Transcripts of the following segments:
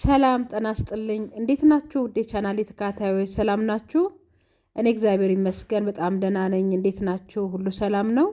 ሰላም ጤና ይስጥልኝ። እንዴት ናችሁ? ውዴ ቻናሌ ተከታታዮች ሰላም ናችሁ? እኔ እግዚአብሔር ይመስገን በጣም ደህና ነኝ። እንዴት ናችሁ? ሁሉ ሰላም ነው?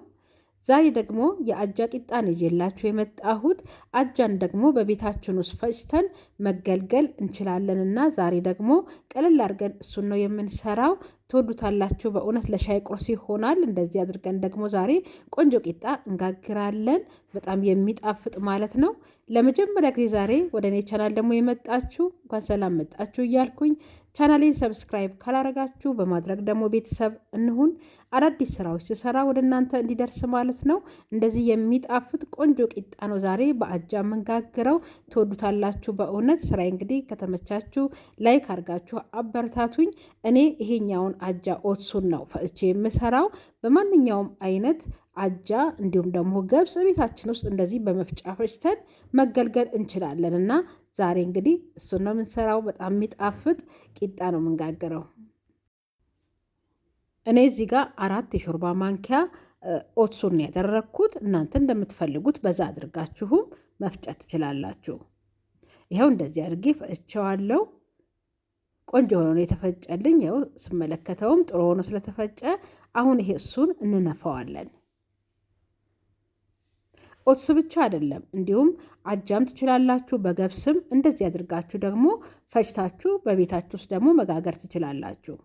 ዛሬ ደግሞ የአጃ ቂጣን ይዤላችሁ የመጣሁት አጃን ደግሞ በቤታችን ውስጥ ፈጭተን መገልገል እንችላለን እና ዛሬ ደግሞ ቀለል አድርገን እሱን ነው የምንሰራው። ትወዱታላችሁ። በእውነት ለሻይ ቁርስ ይሆናል። እንደዚህ አድርገን ደግሞ ዛሬ ቆንጆ ቂጣ እንጋግራለን። በጣም የሚጣፍጥ ማለት ነው። ለመጀመሪያ ጊዜ ዛሬ ወደ እኔ ቻናል ደግሞ የመጣችሁ እንኳን ሰላም መጣችሁ እያልኩኝ ቻናሌን ሰብስክራይብ ካላረጋችሁ በማድረግ ደግሞ ቤተሰብ እንሁን። አዳዲስ ስራዎች ስሰራ ወደ እናንተ እንዲደርስ ማለት ነው። እንደዚህ የሚጣፍጥ ቆንጆ ቂጣ ነው ዛሬ በአጃ የምንጋግረው። ትወዱታላችሁ በእውነት። ስራዬ እንግዲህ ከተመቻችሁ ላይክ አድርጋችሁ አበረታቱኝ። እኔ ይሄኛውን አጃ ኦትሱን ነው ፈጭቼ የምሰራው። በማንኛውም አይነት አጃ እንዲሁም ደግሞ ገብስ ቤታችን ውስጥ እንደዚህ በመፍጫ ፈጭተን መገልገል እንችላለን እና ዛሬ እንግዲህ እሱን ነው የምንሰራው። በጣም የሚጣፍጥ ቂጣ ነው የምንጋግረው። እኔ እዚህ ጋር አራት የሾርባ ማንኪያ ኦትሱን ያደረግኩት እናንተ እንደምትፈልጉት በዛ አድርጋችሁም መፍጨት ትችላላችሁ። ይኸው እንደዚህ አድርጌ ፈጭቸዋለሁ። ቆንጆ ሆኖ ነው የተፈጨልኝ። ያው ስመለከተውም ጥሩ ሆኖ ስለተፈጨ አሁን ይሄ እሱን እንነፋዋለን። ኦትስ ብቻ አይደለም፣ እንዲሁም አጃም ትችላላችሁ። በገብስም እንደዚህ አድርጋችሁ ደግሞ ፈጭታችሁ በቤታችሁ ውስጥ ደግሞ መጋገር ትችላላችሁ።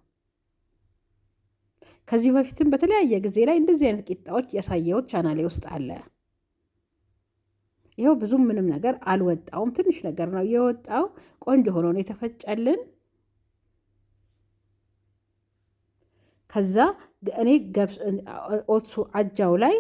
ከዚህ በፊትም በተለያየ ጊዜ ላይ እንደዚህ አይነት ቂጣዎች ያሳየሁት ቻናሌ ውስጥ አለ። ይኸው ብዙም ምንም ነገር አልወጣውም፣ ትንሽ ነገር ነው የወጣው። ቆንጆ ሆኖ ነው የተፈጨልን። ከዛ እኔ ኦትሱ አጃው ላይ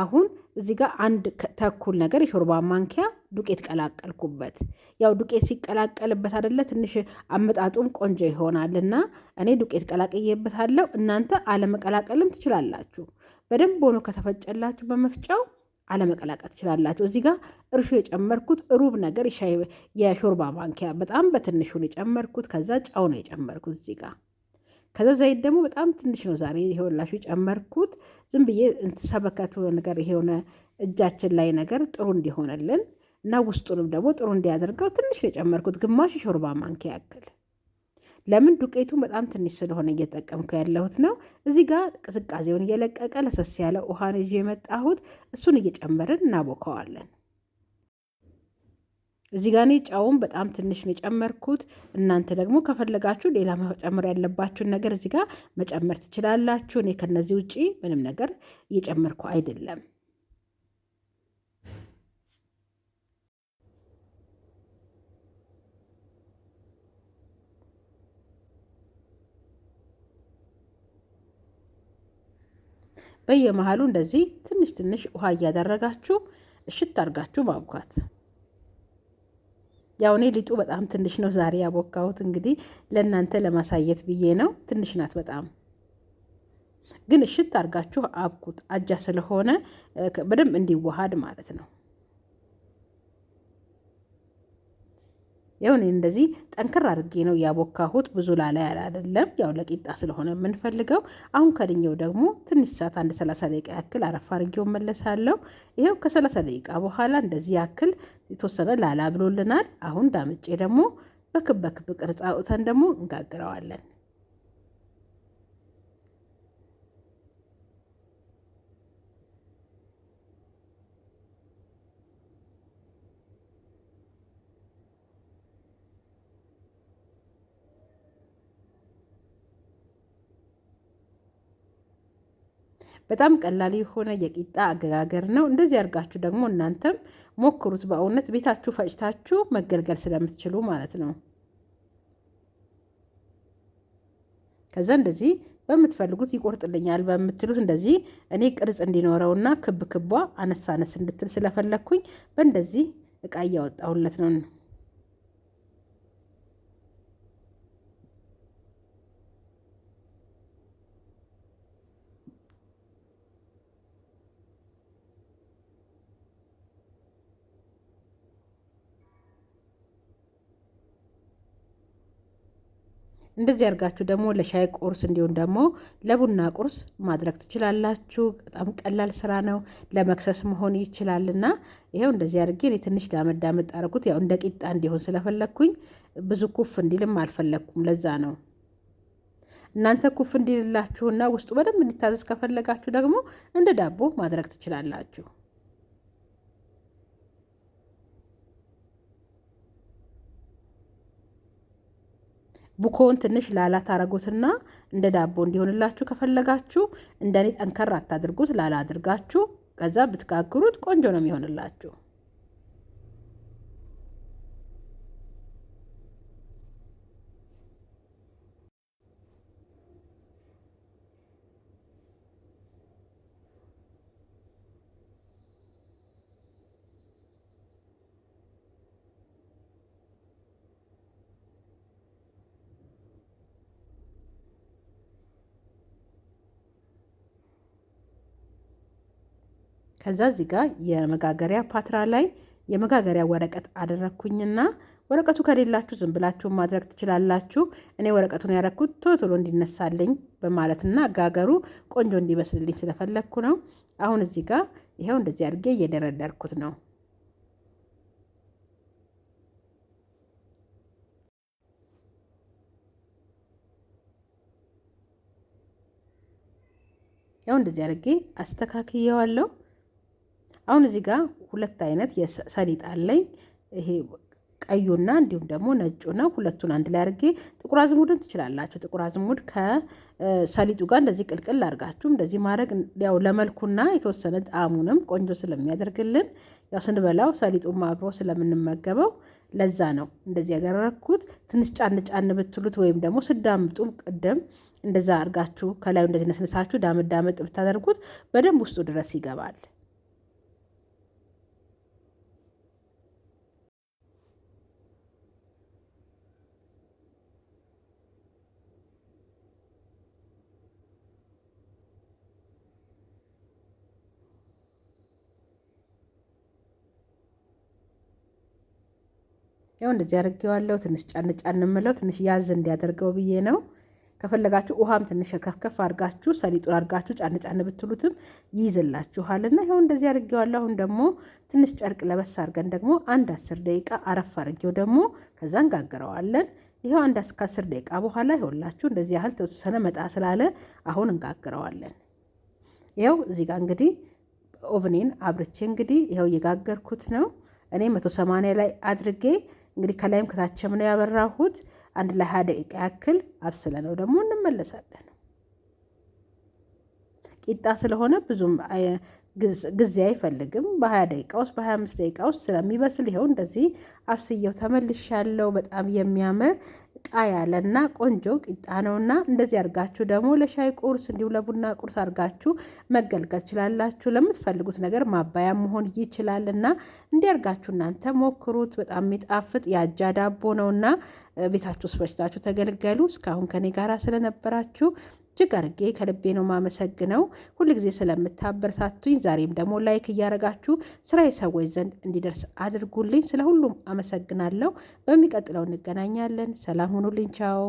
አሁን እዚ ጋር አንድ ተኩል ነገር የሾርባ ማንኪያ ዱቄት ቀላቀልኩበት። ያው ዱቄት ሲቀላቀልበት አደለ ትንሽ አመጣጡም ቆንጆ ይሆናል እና እኔ ዱቄት ቀላቅዬበታለሁ። እናንተ አለመቀላቀልም ትችላላችሁ። በደንብ ሆኖ ከተፈጨላችሁ በመፍጫው አለመቀላቀል ትችላላችሁ። እዚህ ጋር እርሾ የጨመርኩት ሩብ ነገር የሾርባ ማንኪያ በጣም በትንሹን የጨመርኩት፣ ከዛ ጨው ነው የጨመርኩት እዚህ ጋር ከዛ ዘይት ደግሞ በጣም ትንሽ ነው ዛሬ ይሄውላችሁ ጨመርኩት። ዝም ብዬ ሰበከቱ ነገር የሆነ እጃችን ላይ ነገር ጥሩ እንዲሆንልን እና ውስጡንም ደግሞ ጥሩ እንዲያደርገው ትንሽ ነው የጨመርኩት፣ ግማሽ ሾርባ ማንኪያ ያክል። ለምን ዱቄቱ በጣም ትንሽ ስለሆነ እየተጠቀምኩ ያለሁት ነው። እዚህ ጋር ቅዝቃዜውን እየለቀቀ ለሰስ ያለ ውሃን ይዤ የመጣሁት እሱን እየጨመርን እናቦከዋለን። እዚህ ጋር እኔ ጨውም በጣም ትንሽ ነው የጨመርኩት። እናንተ ደግሞ ከፈለጋችሁ ሌላ መጨመር ያለባችሁን ነገር እዚህ ጋር መጨመር ትችላላችሁ። እኔ ከነዚህ ውጪ ምንም ነገር እየጨመርኩ አይደለም። በየመሃሉ እንደዚህ ትንሽ ትንሽ ውሃ እያደረጋችሁ እሽት አድርጋችሁ ማብኳት ያው እኔ ሊጡ በጣም ትንሽ ነው ዛሬ ያቦካሁት። እንግዲህ ለእናንተ ለማሳየት ብዬ ነው። ትንሽ ናት በጣም ግን እሽት አድርጋችሁ አብኩት። አጃ ስለሆነ በደንብ እንዲዋሃድ ማለት ነው። ያው እኔ እንደዚህ ጠንክር አድርጌ ነው ያቦካሁት። ብዙ ላላ ያለ አይደለም፣ ያው ለቂጣ ስለሆነ የምንፈልገው። አሁን ከድኘው ደግሞ ትንሽ ሰዓት አንድ 30 ደቂቃ ያክል አረፍ አድርጌው መለሳለሁ። ይኸው ከ30 ደቂቃ በኋላ እንደዚህ ያክል የተወሰነ ላላ ብሎልናል። አሁን ዳምጬ ደግሞ በክብ በክብ ቅርጽ አውጥተን ደግሞ እንጋግረዋለን። በጣም ቀላል የሆነ የቂጣ አገጋገር ነው። እንደዚህ አድርጋችሁ ደግሞ እናንተም ሞክሩት። በእውነት ቤታችሁ ፈጭታችሁ መገልገል ስለምትችሉ ማለት ነው። ከዛ እንደዚህ በምትፈልጉት ይቆርጥልኛል በምትሉት እንደዚህ እኔ ቅርጽ እንዲኖረውና ክብ ክቧ አነሳነስ እንድትል ስለፈለግኩኝ በእንደዚህ እቃ እያወጣሁለት ነው። እንደዚህ አድርጋችሁ ደግሞ ለሻይ ቁርስ እንዲሁም ደግሞ ለቡና ቁርስ ማድረግ ትችላላችሁ። በጣም ቀላል ስራ ነው። ለመክሰስ መሆን ይችላልና ይሄው እንደዚህ አድርጌ እኔ ትንሽ ዳመድ ዳመድ አደረኩት። ያው እንደ ቂጣ እንዲሆን ስለፈለግኩኝ ብዙ ኩፍ እንዲልም አልፈለግኩም። ለዛ ነው። እናንተ ኩፍ እንዲልላችሁና ውስጡ በደንብ እንዲታዘዝ ከፈለጋችሁ ደግሞ እንደ ዳቦ ማድረግ ትችላላችሁ። ቡኮውን ትንሽ ላላ ታረጉትና እንደ ዳቦ እንዲሆንላችሁ ከፈለጋችሁ እንደኔ ጠንከር አታድርጉት፣ ላላ አድርጋችሁ ከዛ ብትጋግሩት ቆንጆ ነው የሚሆንላችሁ። ከዛ እዚህ ጋር የመጋገሪያ ፓትራ ላይ የመጋገሪያ ወረቀት አደረግኩኝና ወረቀቱ ከሌላችሁ ዝም ብላችሁ ማድረግ ትችላላችሁ። እኔ ወረቀቱን ያረግኩት ቶሎ ቶሎ እንዲነሳልኝ በማለትና አጋገሩ ቆንጆ እንዲበስልልኝ ስለፈለግኩ ነው። አሁን እዚህ ጋር ይኸው እንደዚህ አድርጌ እየደረደርኩት ነው። ያው እንደዚህ አድርጌ አስተካክየዋለሁ። አሁን እዚህ ጋር ሁለት አይነት ሰሊጥ አለኝ። ይሄ ቀዩና እንዲሁም ደግሞ ነጩ ነው ሁለቱን አንድ ላይ አድርጌ ጥቁር አዝሙድን ትችላላችሁ። ጥቁር አዝሙድ ከሰሊጡ ጋር እንደዚህ ቅልቅል አድርጋችሁ እንደዚህ ማድረግ ያው ለመልኩና የተወሰነ ጣዕሙንም ቆንጆ ስለሚያደርግልን ያው ስንበላው ሰሊጡ አብሮ ስለምንመገበው ለዛ ነው እንደዚህ ያደረግኩት። ትንሽ ጫን ጫን ብትሉት ወይም ደግሞ ስዳምጡ ቅድም እንደዛ አድርጋችሁ ከላዩ እንደዚህ ነስነሳችሁ ዳመዳመጥ ብታደርጉት በደንብ ውስጡ ድረስ ይገባል። ያው እንደዚህ አድርጌዋለሁ። ትንሽ ጫን ጫን ምለው ትንሽ ያዝ እንዲያደርገው ብዬ ነው። ከፈለጋችሁ ውሃም ትንሽ ከፍከፍ አድርጋችሁ ሰሊጡን አድርጋችሁ ጫን ጫን ብትሉትም እና ይኸው እንደዚህ አድርጌዋለሁ። አሁን ደግሞ ትንሽ ጨርቅ ለበስ አድርገን ደግሞ አንድ አስር ደቂቃ አረፍ አድርጌው ደግሞ ከዛ እንጋግረዋለን። ይኸው አንድ አስር ደቂቃ በኋላ ይኸውላችሁ እንደዚህ ያህል ተወሰነ መጣ ስላለ አሁን እንጋግረዋለን። ይኸው እዚህ ጋር እንግዲህ ኦቭኔን አብርቼ እንግዲህ ይኸው እየጋገርኩት ነው እኔ መቶ ሰማንያ ላይ አድርጌ እንግዲህ ከላይም ከታችም ነው ያበራሁት። አንድ ለሀያ ደቂቃ ያክል አብስለ ነው ደግሞ እንመለሳለን። ቂጣ ስለሆነ ብዙም ጊዜ አይፈልግም። ደቂቃ ውስጥ በ25 ደቂቃ ውስጥ ስለሚበስል ይኸው እንደዚህ አብስየው ተመልሻለሁ። በጣም የሚያምር ቂጣ ያለና ቆንጆ ቂጣ ነውና እንደዚህ አድርጋችሁ ደግሞ ለሻይ ቁርስ እንዲሁም ለቡና ቁርስ አድርጋችሁ መገልገል ትችላላችሁ። ለምትፈልጉት ነገር ማባያ መሆን ይችላል እና እንዲያርጋችሁ እናንተ ሞክሩት። በጣም የሚጣፍጥ የአጃ ዳቦ ነውና ቤታችሁ ውስጥ ተገልገሉ። እስካሁን ከኔ ጋር ስለነበራችሁ እጅግ አርጌ ከልቤ ነው ማመሰግነው ሁልጊዜ ስለምታበረታቱኝ። ዛሬም ደግሞ ላይክ እያረጋችሁ ስራ የሰዎች ዘንድ እንዲደርስ አድርጉልኝ። ስለ ሁሉም አመሰግናለሁ። በሚቀጥለው እንገናኛለን። ሰላም ሁኑልኝ። ቻው